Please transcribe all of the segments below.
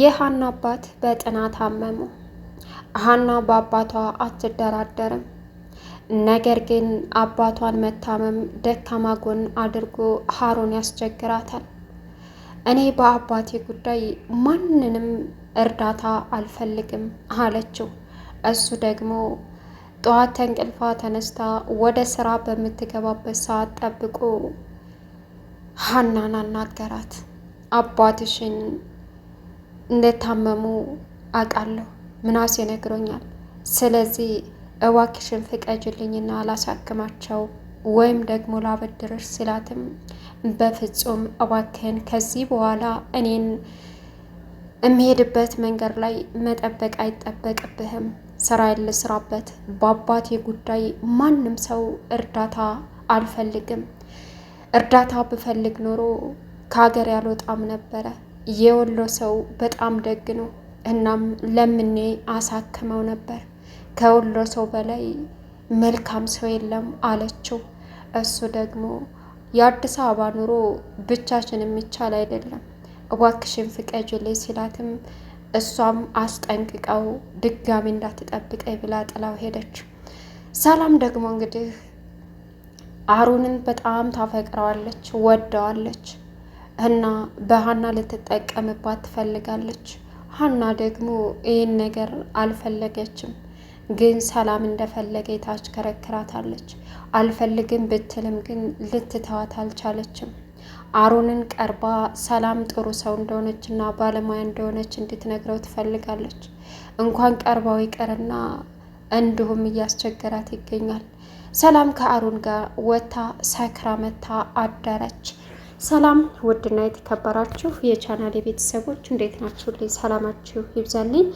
የሀና አባት በጥና ታመሙ። ሀና በአባቷ አትደራደርም። ነገር ግን አባቷን መታመም ደካማ ጎን አድርጎ ሀሩን ያስቸግራታል። እኔ በአባቴ ጉዳይ ማንንም እርዳታ አልፈልግም አለችው። እሱ ደግሞ ጠዋት ተንቅልፋ ተነስታ ወደ ስራ በምትገባበት ሰዓት ጠብቆ ሀናን አናገራት አባትሽን እንደታመሙ አውቃለሁ፣ ምናሴ ነግሮኛል። ስለዚህ እባክሽን ፍቀጅልኝና አላሳክማቸው ወይም ደግሞ ላበድርሽ ስላትም በፍጹም እባክህን ከዚህ በኋላ እኔን የሚሄድበት መንገድ ላይ መጠበቅ አይጠበቅብህም። ስራ ያልስራበት በአባቴ ጉዳይ ማንም ሰው እርዳታ አልፈልግም። እርዳታ ብፈልግ ኖሮ ከሀገር ያልወጣም ነበረ። የወሎ ሰው በጣም ደግ ነው። እናም ለምኔ አሳክመው ነበር። ከወሎ ሰው በላይ መልካም ሰው የለም አለችው። እሱ ደግሞ የአዲስ አበባ ኑሮ ብቻችን የሚቻል አይደለም እባክሽን ፍቀጅልኝ ሲላትም እሷም አስጠንቅቀው ድጋሚ እንዳትጠብቀኝ ብላ ጥላው ሄደች። ሰላም ደግሞ እንግዲህ አሩንን በጣም ታፈቅረዋለች፣ ወደዋለች። እና በሀና ልትጠቀምባት ትፈልጋለች። ሀና ደግሞ ይህን ነገር አልፈለገችም፣ ግን ሰላም እንደፈለገ ታሽከረክራታለች። አልፈልግም ብትልም ግን ልትተዋት አልቻለችም። አሮንን ቀርባ ሰላም ጥሩ ሰው እንደሆነች እና ባለሙያ እንደሆነች እንድትነግረው ትፈልጋለች። እንኳን ቀርባው ይቅርና እንዲሁም እያስቸገራት ይገኛል። ሰላም ከአሮን ጋር ወታ ሰክራ መታ አደረች። ሰላም ውድና የተከበራችሁ የቻናል የቤተሰቦች እንዴት ናችሁ? ልኝ ሰላማችሁ ይብዛልኝ።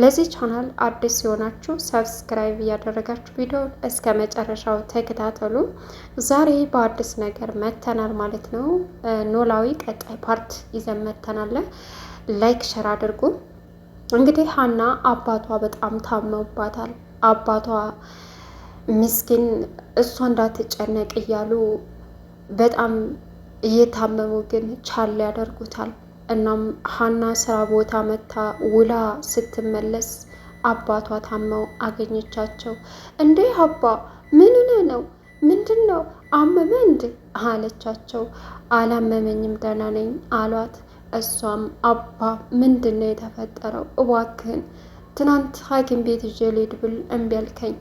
ለዚህ ቻናል አዲስ የሆናችሁ ሰብስክራይብ እያደረጋችሁ ቪዲዮን እስከ መጨረሻው ተከታተሉ። ዛሬ በአዲስ ነገር መተናል ማለት ነው። ኖላዊ ቀጣይ ፓርት ይዘን መተናለ። ላይክ ሸር አድርጉ። እንግዲህ ሀና አባቷ በጣም ታመውባታል። አባቷ ምስኪን እሷ እንዳትጨነቅ እያሉ በጣም እየታመሙ ግን ቻል ያደርጉታል። እናም ሀና ስራ ቦታ መታ ውላ ስትመለስ አባቷ ታመው አገኘቻቸው። እንዴ አባ ምንነ ነው? ምንድን ነው አመመ እንድ አለቻቸው። አላመመኝም ደህና ነኝ አሏት። እሷም አባ ምንድን ነው የተፈጠረው? እባክህን ትናንት ሐኪም ቤት ይዤ ልሂድ ብል እምቢ አልከኝ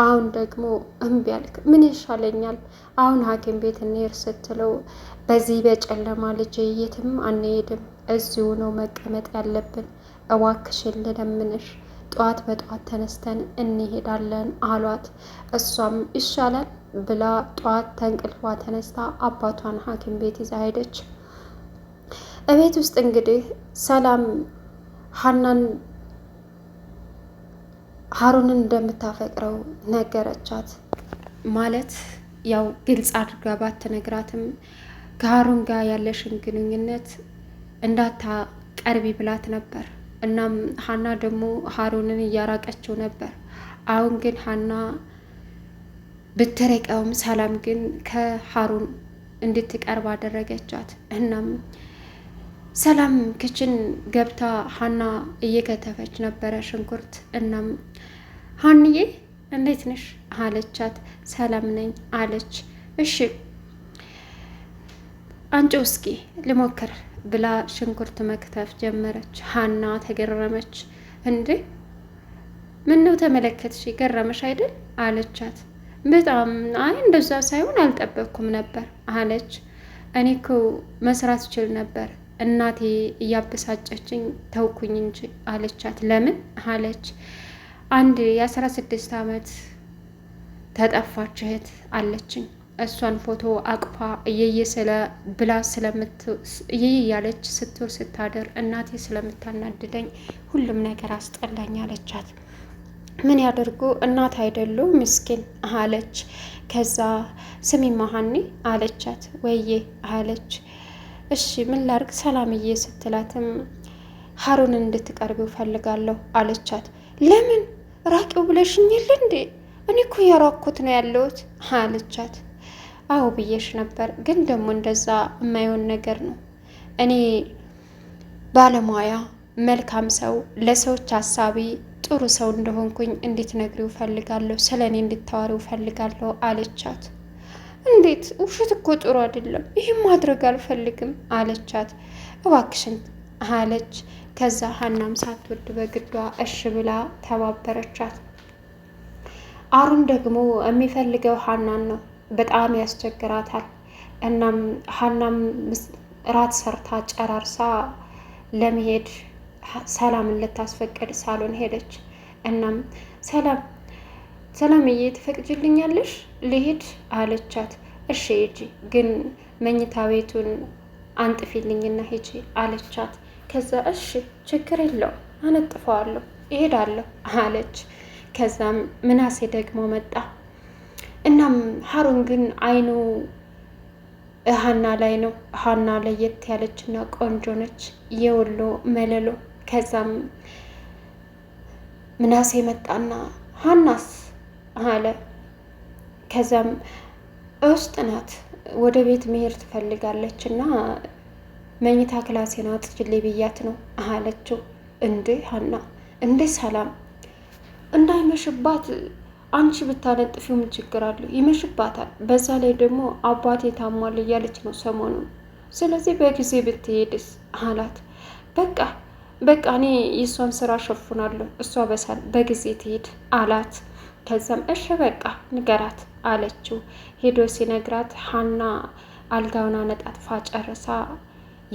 አሁን ደግሞ እምቢ አልክ፣ ምን ይሻለኛል አሁን ሐኪም ቤት እንሄድ ስትለው በዚህ በጨለማ ልጅ የትም አንሄድም፣ እዚሁ ነው መቀመጥ ያለብን፣ እባክሽን ልለምንሽ፣ ጠዋት በጠዋት ተነስተን እንሄዳለን አሏት። እሷም ይሻላል ብላ ጠዋት ተንቅልፏ ተነስታ አባቷን ሐኪም ቤት ይዛ ሄደች። እቤት ውስጥ እንግዲህ ሰላም ሀናን ሀሩንን እንደምታፈቅረው ነገረቻት። ማለት ያው ግልጽ አድርጋ ባትነግራትም ከሀሩን ጋር ያለሽን ግንኙነት እንዳታቀርቢ ብላት ነበር። እናም ሀና ደግሞ ሀሩንን እያራቀችው ነበር። አሁን ግን ሀና ብትርቀውም ሰላም ግን ከሀሩን እንድትቀርብ አደረገቻት። እናም ሰላም ክችን ገብታ ሀና እየከተፈች ነበረ ሽንኩርት። እናም ሀንዬ እንዴት ነሽ አለቻት። ሰላም ነኝ አለች። እሺ አንጮ እስኪ ልሞክር ብላ ሽንኩርት መክተፍ ጀመረች። ሀና ተገረመች። እንዴ ምን ነው ተመለከትሽ? ገረመሽ አይደል አለቻት። በጣም አይ እንደዛ ሳይሆን አልጠበቅኩም ነበር አለች። እኔ እኮ መስራት ይችል ነበር እናቴ እያበሳጨችኝ ተውኩኝ እንጂ አለቻት። ለምን አለች። አንድ የአስራ ስድስት ዓመት ተጠፋች እህት አለችኝ። እሷን ፎቶ አቅፋ እየየ ስለ ብላ እየየ ያለች ስትውል ስታደር እናቴ ስለምታናድደኝ ሁሉም ነገር አስጠላኝ አለቻት። ምን ያደርጉ እናት አይደሉ ምስኪን አለች። ከዛ ስሚ ሀኒ አለቻት። ወይዬ አለች እሺ ምን ላርግ ሰላምዬ ስትላትም ሀሩንን እንድትቀርቢው ፈልጋለሁ አለቻት። ለምን ራቂው ብለሽኝል እንዴ? እኔ እኮ የራኩት ነው ያለሁት አለቻት። አዎ ብዬሽ ነበር፣ ግን ደግሞ እንደዛ የማይሆን ነገር ነው። እኔ ባለሙያ፣ መልካም ሰው፣ ለሰዎች አሳቢ፣ ጥሩ ሰው እንደሆንኩኝ እንድትነግሪው ፈልጋለሁ፣ ስለ እኔ እንድታወሪው ፈልጋለሁ አለቻት። እንዴት ውሸት እኮ ጥሩ አይደለም፣ ይህም ማድረግ አልፈልግም አለቻት። እባክሽን አለች። ከዛ ሀናም ሳትወድ በግዷ እሽ ብላ ተባበረቻት። አሩን ደግሞ የሚፈልገው ሀናን ነው፣ በጣም ያስቸግራታል። እናም ሀናም ራት ሰርታ ጨራርሳ ለመሄድ ሰላምን ልታስፈቅድ ሳሎን ሄደች። እናም ሰላም ሰላምዬ ትፈቅጅልኛለሽ ልሄድ አለቻት። እሺ ሂጂ፣ ግን መኝታ ቤቱን አንጥፊልኝና ሂጂ አለቻት። ከዛ እሺ ችግር የለው አነጥፈዋለሁ እሄዳለሁ አለች። ከዛም ምናሴ ደግሞ መጣ። እናም ሀሩን ግን አይኑ ሀና ላይ ነው። ሀና ለየት ያለች እና ቆንጆ ነች፣ የወሎ መለሎ። ከዛም ምናሴ መጣና ሀናስ አለ። ከዛም ውስጥ ናት ወደ ቤት መሄድ ትፈልጋለች እና መኝታ ክላሴን አጽጅሌ ብያት ነው አለችው። እንዴ ሀና፣ እንዴ ሰላም፣ እንዳይመሽባት አንቺ ብታነጥፊው ችግር አለው? ይመሽባታል። በዛ ላይ ደግሞ አባቴ ታሟል እያለች ነው ሰሞኑን። ስለዚህ በጊዜ ብትሄድስ አላት። በቃ በቃ እኔ የእሷን ስራ ሸፉናለሁ፣ እሷ በሳል በጊዜ ትሄድ አላት። ከዛም እሺ በቃ ንገራት አለችው። ሄዶ ሲነግራት ሀና አልጋውን አነጣጥፋ ጨርሳ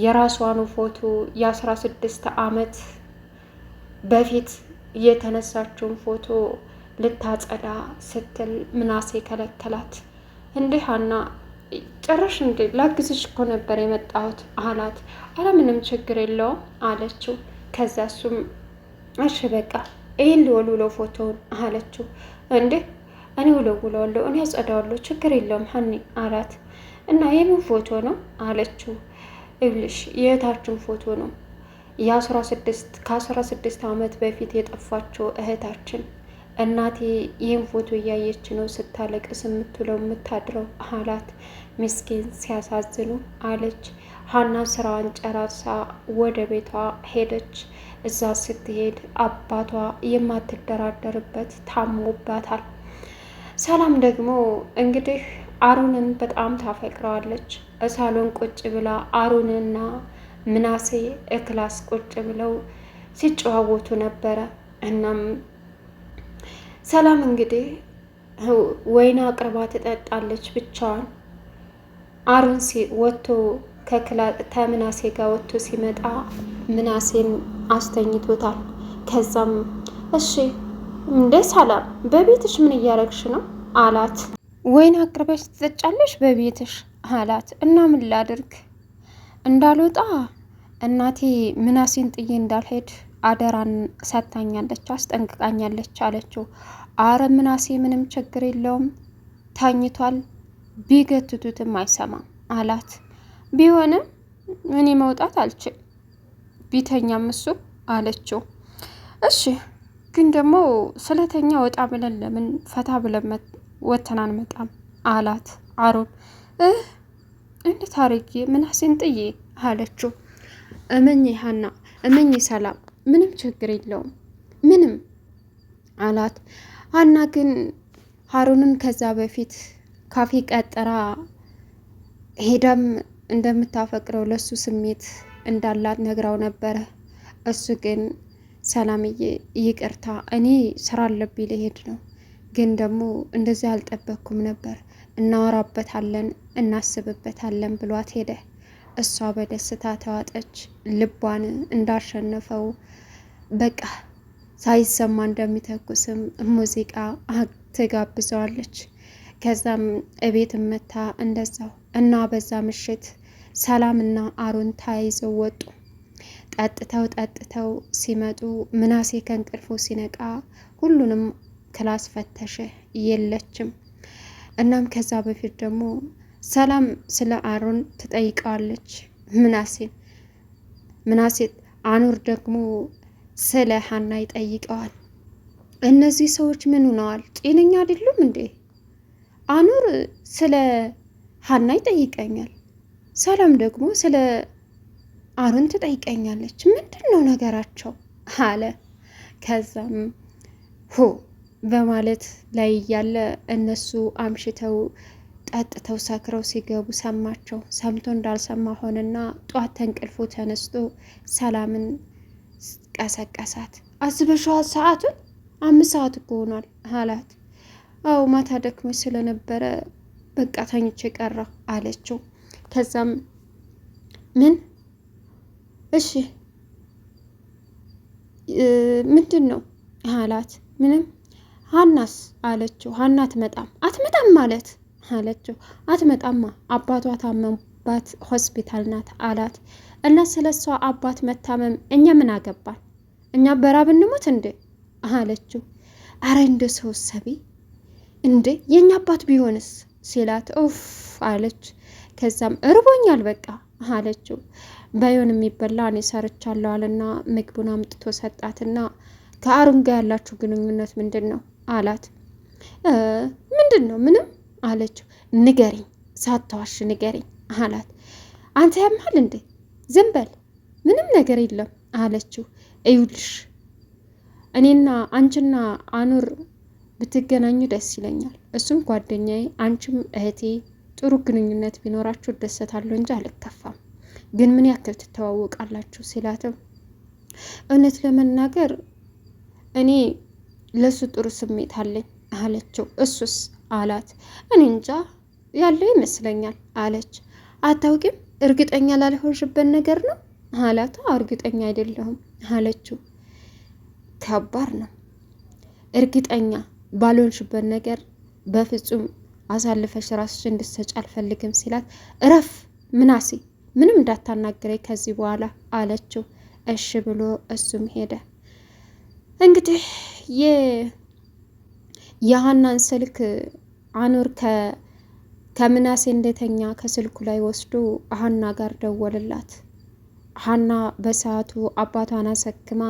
የራሷኑ ፎቶ የአስራ ስድስት አመት በፊት የተነሳችውን ፎቶ ልታጸዳ ስትል ምናሴ ከለከላት። እንዲህ ሀና ጭራሽ እንዴ ላግዝሽ እኮ ነበር የመጣሁት አላት። አረ ምንም ችግር የለውም አለችው። ከዚያ እሱም እሺ በቃ ይህን ልወልውለው ፎቶውን አለችው። እንዴ እኔ ውለውለዋለሁ፣ እኔ አጸዳዋለሁ፣ ችግር የለውም ሀኒ አላት። እና የምን ፎቶ ነው አለችው። እብልሽ የእህታችን ፎቶ ነው የአስራ ስድስት ከአስራ ስድስት ዓመት በፊት የጠፋችው እህታችን እናቴ ይህን ፎቶ እያየች ነው ስታለቅስ የምትውለው የምታድረው አላት። ምስኪን ሲያሳዝኑ አለች። ሀና ስራዋን ጨራርሳ ወደ ቤቷ ሄደች። እዛ ስትሄድ አባቷ የማትደራደርበት ታሞባታል። ሰላም ደግሞ እንግዲህ አሩንን በጣም ታፈቅረዋለች። እሳሎን ቁጭ ብላ አሩንና ምናሴ እክላስ ቁጭ ብለው ሲጨዋወቱ ነበረ። እናም ሰላም እንግዲህ ወይና አቅርባ ትጠጣለች ብቻዋን። አሩን ወጥቶ ከምናሴ ጋር ወጥቶ ሲመጣ ምናሴን አስተኝቶታል። ከዛም እሺ እንደ ሰላም በቤትሽ ምን እያረግሽ ነው አላት። ወይን አቅርበሽ ትጠጫለሽ በቤትሽ አላት። እና ምን ላድርግ እንዳልወጣ እናቴ ምናሴን ጥዬ እንዳልሄድ አደራን ሰታኛለች፣ አስጠንቅቃኛለች አለችው። አረ ምናሴ ምንም ችግር የለውም ተኝቷል፣ ቢገትቱትም አይሰማም አላት። ቢሆንም እኔ መውጣት አልችል ቢተኛም እሱ አለችው። እሺ ግን ደግሞ ስለተኛ ወጣ ብለን ለምን ፈታ ብለን ወተን አንመጣም አላት አሮን። እህ እንዴት አርጌ ምናሴን ጥዬ አለችው። እመኝ ሀና እመኝ ሰላም፣ ምንም ችግር የለውም ምንም አላት። ሀና ግን ሀሩንን ከዛ በፊት ካፌ ቀጠራ ሄዳም እንደምታፈቅረው ለሱ ስሜት እንዳላት ነግራው ነበረ። እሱ ግን ሰላምዬ ይቅርታ፣ እኔ ስራ አለብኝ ልሄድ ነው፣ ግን ደግሞ እንደዚህ አልጠበቅኩም ነበር፣ እናወራበታለን፣ እናስብበታለን ብሏት ሄደ። እሷ በደስታ ተዋጠች። ልቧን እንዳሸነፈው በቃ ሳይሰማ እንደሚተኩስም ሙዚቃ ትጋብዘዋለች። ከዛም እቤት መታ እንደዛው እና በዛ ምሽት ሰላምና አሮን ተያይዘው ወጡ። ጠጥተው ጠጥተው ሲመጡ ምናሴ ከእንቅልፉ ሲነቃ ሁሉንም ክላስ ፈተሸ፣ የለችም። እናም ከዛ በፊት ደግሞ ሰላም ስለ አሮን ትጠይቀዋለች ምናሴን። ምናሴ አኑር ደግሞ ስለ ሀና ይጠይቀዋል። እነዚህ ሰዎች ምን ሆነዋል? ጤነኛ አይደሉም እንዴ? አኑር ስለ ሀና ይጠይቀኛል። ሰላም ደግሞ ስለ አሩን ትጠይቀኛለች። ምንድን ነው ነገራቸው አለ። ከዛም ሆ በማለት ላይ ያለ እነሱ አምሽተው ጠጥተው ሰክረው ሲገቡ ሰማቸው። ሰምቶ እንዳልሰማ ሆነና ጧት ተንቅልፎ ተነስቶ ሰላምን ቀሰቀሳት። አስበሸዋት ሰዓቱን አምስት ሰዓት እኮ ሆኗል አላት። አው ማታ ደክሞች ስለነበረ በቃ ተኝቼ ቀረሁ አለችው። ከዛም ምን እሺ ምንድን ነው አላት። ምንም ሀናስ አለችው። ሀና አትመጣም አትመጣም ማለት አለችው። አትመጣማ አባቷ ታመሙባት ሆስፒታል ናት አላት። እና ስለ እሷ አባት መታመም እኛ ምን አገባን? እኛ በራብ እንሞት እንዴ አለችው። አረ እንደ ሰው ሰቢ እንዴ የእኛ አባት ቢሆንስ ሲላት ኡፍ አለች። ከዛም እርቦኛል በቃ አለችው። በይሆን የሚበላ እኔ ሰርቻለሁ አለና ምግቡን አምጥቶ ሰጣትና ከአሩን ጋር ያላችሁ ግንኙነት ምንድን ነው አላት። ምንድን ነው ምንም አለችው። ንገሪኝ ሳታዋሽ ንገሪኝ አላት። አንተ ያምሃል እንዴ ዝም በል ምንም ነገር የለም አለችው። እዩልሽ እኔና አንቺና አኑር ብትገናኙ ደስ ይለኛል። እሱም ጓደኛዬ፣ አንቺም እህቴ፣ ጥሩ ግንኙነት ቢኖራችሁ እደሰታለሁ እንጂ አልከፋም። ግን ምን ያክል ትተዋወቃላችሁ ሲላትም እውነት ለመናገር እኔ ለእሱ ጥሩ ስሜት አለኝ አለችው። እሱስ አላት። እኔ እንጃ ያለው ይመስለኛል አለች። አታውቂም? እርግጠኛ ላልሆንሽበት ነገር ነው አላት። እርግጠኛ አይደለሁም አለችው። ከባድ ነው እርግጠኛ ባልሆንሽበት ነገር በፍጹም አሳልፈሽ ራስሽ እንድትሰጪ አልፈልግም ሲላት፣ እረፍ ምናሴ፣ ምንም እንዳታናግረኝ ከዚህ በኋላ አለችው። እሺ ብሎ እሱም ሄደ። እንግዲህ የሀናን ስልክ አኑር ከምናሴ እንደተኛ ከስልኩ ላይ ወስዶ ሀና ጋር ደወልላት። ሀና በሰዓቱ አባቷን አሰክማ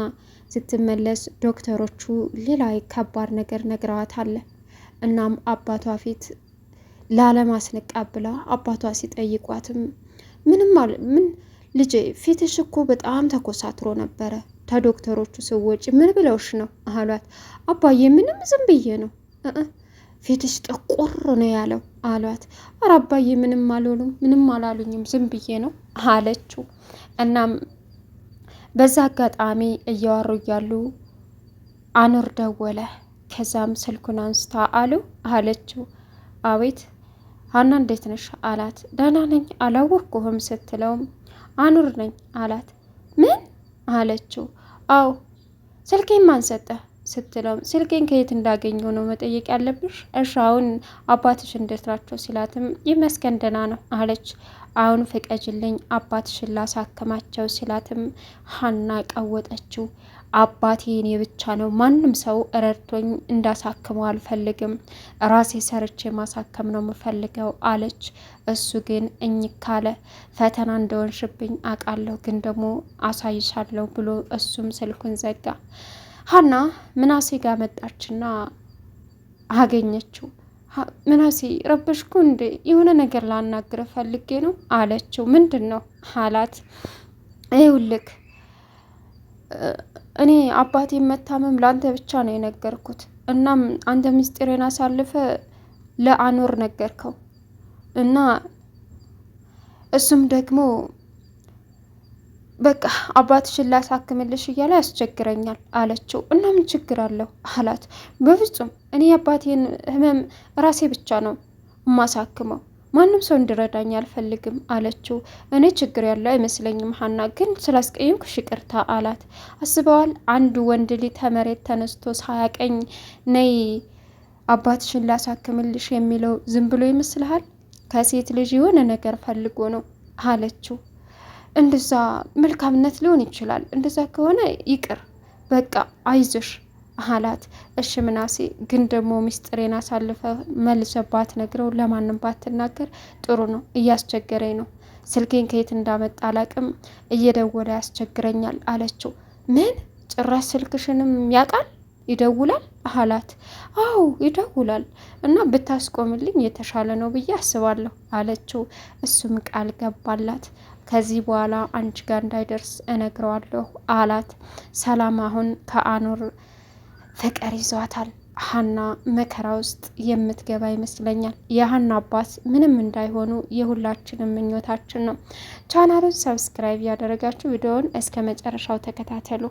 ስትመለስ ዶክተሮቹ ሌላ ከባድ ነገር ነግረዋታል። እናም አባቷ ፊት ላለማስነቃ ብላ አባቷ ሲጠይቋትም ምንም ምን ልጄ ፊትሽ እኮ በጣም ተኮሳትሮ ነበረ፣ ከዶክተሮቹ ሰዎች ምን ብለውሽ ነው አሏት። አባዬ ምንም ዝም ብዬ ነው ፊትሽ ጥቁር ነው ያለው አሏት። አረ አባዬ ምንም አልሆኑም ምንም አላሉኝም ዝም ብዬ ነው አለችው። እናም በዛ አጋጣሚ እያወሩ እያሉ አኑር ደወለ። ከዛም ስልኩን አንስታ አሉ አለችው። አቤት ሀና እንዴት ነሽ አላት። ደህና ነኝ አላወቅኩህም ስትለውም አኑር ነኝ አላት። ምን አለችው። አዎ ስልኬን ማን ሰጠህ ስትለውም ስልኬን ከየት እንዳገኘው ነው መጠየቅ ያለብሽ። እሺ አሁን አባትሽ እንዴት ናቸው ሲላትም ይመስገን ደህና ነው አለች። አሁን ፍቀጅልኝ አባትሽን ላሳክማቸው ሲላትም ሀና ቀወጠችው። አባቴ እኔ ብቻ ነው፣ ማንም ሰው ረድቶኝ እንዳሳክመው አልፈልግም፣ ራሴ ሰርቼ ማሳከም ነው የምፈልገው አለች። እሱ ግን እኝካለ ፈተና ሽብኝ አውቃለሁ፣ ግን ደግሞ አሳይሻለሁ ብሎ እሱም ስልኩን ዘጋ። ሀና ምናሴ ጋር መጣችና አገኘችው። ምናሴ ረበሽኩ እንዴ? የሆነ ነገር ላናግረ ፈልጌ ነው አለችው። ምንድን ነው አላት። ይኸውልህ እኔ አባቴ መታመም ለአንተ ብቻ ነው የነገርኩት። እናም አንተ ምስጢሬን አሳልፈ ለአኖር ነገርከው እና እሱም ደግሞ በቃ አባትሽን ላሳክምልሽ እያለ ያስቸግረኛል አለችው። እና ምን ችግር አለው አላት። በፍጹም እኔ አባቴን ህመም ራሴ ብቻ ነው እማሳክመው ማንም ሰው እንዲረዳኝ አልፈልግም አለችው። እኔ ችግር ያለው አይመስለኝም ሀና፣ ግን ስላስቀየምኩሽ ይቅርታ አላት። አስበዋል አንድ ወንድ ልጅ ተመሬት ተነስቶ ሳያቀኝ ነይ አባትሽን ላሳክምልሽ የሚለው ዝም ብሎ ይመስልሃል? ከሴት ልጅ የሆነ ነገር ፈልጎ ነው አለችው። እንደዛ መልካምነት ሊሆን ይችላል። እንደዛ ከሆነ ይቅር በቃ አይዞሽ አላት። እሺ ምናሴ፣ ግን ደግሞ ሚስጥሬን አሳልፈ መልሰባት ነግረው ለማንም ባትናገር ጥሩ ነው። እያስቸገረኝ ነው። ስልኬን ከየት እንዳመጣ አላቅም፣ እየደወለ ያስቸግረኛል አለችው። ምን ጭራሽ ስልክሽንም ያውቃል ይደውላል አላት። አው ይደውላል እና ብታስቆምልኝ የተሻለ ነው ብዬ አስባለሁ አለችው። እሱም ቃል ገባላት። ከዚህ በኋላ አንቺ ጋር እንዳይደርስ እነግረዋለሁ አላት። ሰላም አሁን ከአኑር ፍቅር ይዟታል። ሀና መከራ ውስጥ የምትገባ ይመስለኛል። የሀና አባት ምንም እንዳይሆኑ የሁላችንም ምኞታችን ነው። ቻናሉን ሰብስክራይብ ያደረጋችሁ ቪዲዮውን እስከ መጨረሻው ተከታተሉ።